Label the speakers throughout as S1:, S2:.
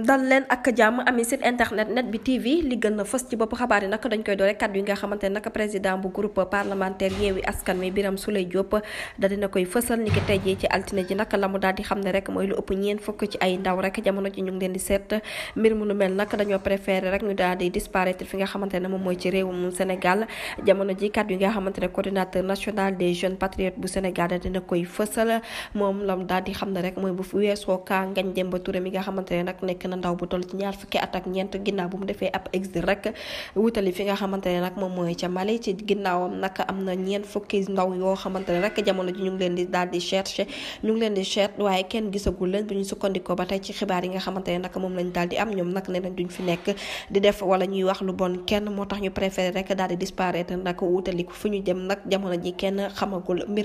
S1: dal leen ak jàmm ami site internet bi TV li gën a fës ci bopp xabaar yi nag dañ koy doore kàddu yi nga xamante nag président mooy ci ay mu Sénégal jamono ji kàddu yi nga xamante ne coordinateur national des jeunes patriotes bu Sénégal dal dina koy fësal moom la mu di xam ne rek mooy bu weesoo kaa Ngagne Demba Touré mi nga xamante ne nag nekk na ndaw bu toll ci ñaar fukki at ñeent ginnaaw bu mu defee ab exil rek wutali fi nga xamante ne nag moom mooy ca Mali ci ginnaawam nag am na ñeent fukki ndaw yoo xamante ba tey ci yi nga xamante ne nag moom lañ daal di am ñoom nag ne nañ duñ fi nekk di moo tax ñu préféré rek daal di disparaître nag wutali fu ñu jëm nag jamono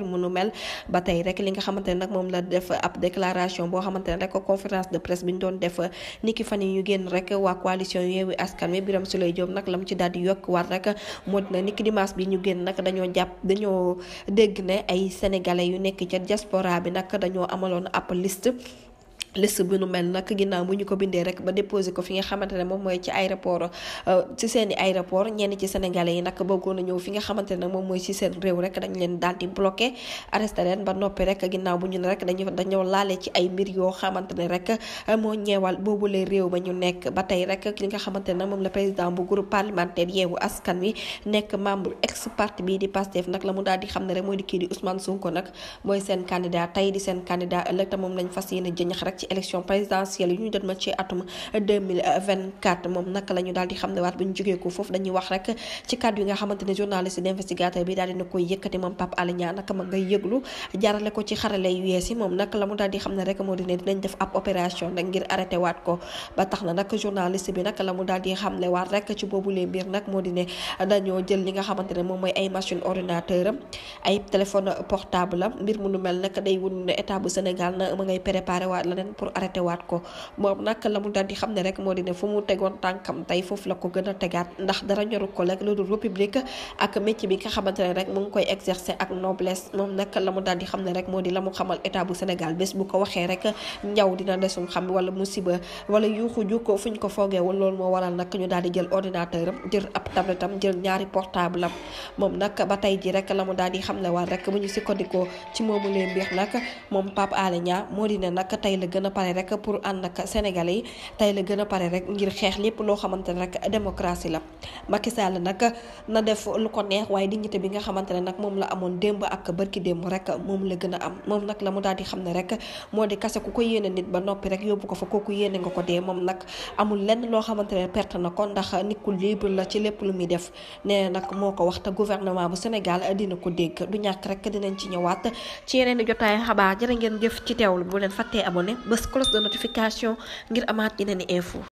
S1: mu nu mel ba li nga xamante ne nag moom la def ab déclaration boo xamante ne conférence de presse bi ñu doon def niki fan yi ñu génn rek waa coalition Yewwi Askan Wi Birame Souleye Diop nag la mu ci daal di yokk war rek moo na niki dimaas bi ñu génn nag dañoo jàpp dañoo dégg ne ay sénégalais yu nekk ca diaspora bi nag dañoo amaloon ab liste liste bi nu mel nag ginnaaw bu ñu ko bindee rek ba déposé ko fi nga xamante ne moom mooy ci aéroport euh, ci seen i aéroport ñenn ci sénégalais yi nag bëggoon na ñëw fi nga xamante ne moom mooy ci seen réew rek leen daal di bloqué arrêté leen ba noppi rek ginnaaw bu ñu ne rek dañu dañoo laale ci ay mbir yoo xamante ne rek euh, moo ñeewal boobu la réew ba ñu nekk ba tey rek li nga xamante ne moom la président bu groupe parlementaire yeewu askan wi nekk membre ex parti bii di Pastef nag la mu daal di xam ne rek mooy di kii di Ousmane ko nag mooy seen candidat tey di seen candidat ëllëg te moom lañ fas yéene jëñax rek ci élection présidentielle yu ñu doon ma ci atum moom naka la ñu daal di xam ne waat bu ñu jógee ko foofu dañuy wax rek ci kàddu yi nga xamante ne journaliste d'investigateur bi daal la mu daal di xam ne rek moo di ne def ab opération ngir arrêté waat ko ba tax na nag journaliste bi nag la mu daal di xamle waat rek ci boobu lee mbir nag moo di dañoo jël li nga xamante ne moom mooy ay machine ordinateur am ay téléphone portable mbir mu nu mel nag day pour arrêté waat ko moom nag la mu daal di xam ne rek moo di ne fu mu tegoon tànkam tey foofu la ko gën a tegaat ndax dara ñoru ko rek lu dul république ak métier bi nga xamante ne rek mu ngi koy exercer ak noblesse moom nag la mu daal di xam ne rek moo di la mu xamal état bu Sénégal bés bu ko waxee rek ñaw dina desum xam wala musiba wala yuuxu jukko fuñ ko foogeewul loolu moo waral nag ñu daal di jël ordinateur am jël ab tablette am jël ñaari portable am moom nag ba tey ji rek la mu daal di xam ne waat rek bu ñu sikkandikoo ci moomu lee mbir nag moom Pape Alé moo di ne nag tey la gën gën a pare rek pour ànd ak sénégalais yi la gën a pare rek ngir xeex lépp loo xamante ne rek démocratie la Macky Sall nag na def lu ko neex waaye dignité bi nga xamante ne nag moom la amoon démb ak bërki démb rek moom la gën a am moom nag la mu daal di xam ne rek moo di kase ku ko yéene nit ba noppi rek yóbbu ko fa kooku yéene nga ko dee moom nag amul lenn loo xamante ne perte na ko ndax nit ku libre la ci lépp lu muy def nee nag moo ko wax te gouvernement bu Sénégal dina ko dégg du ñàkk rek dinañ ci ñëwaat ci yeneen i jotaay xabaar jërë ngeen jëf ci teewlu bu leen fàttee abonné bës cloche de notification ngir amaat yeneen i info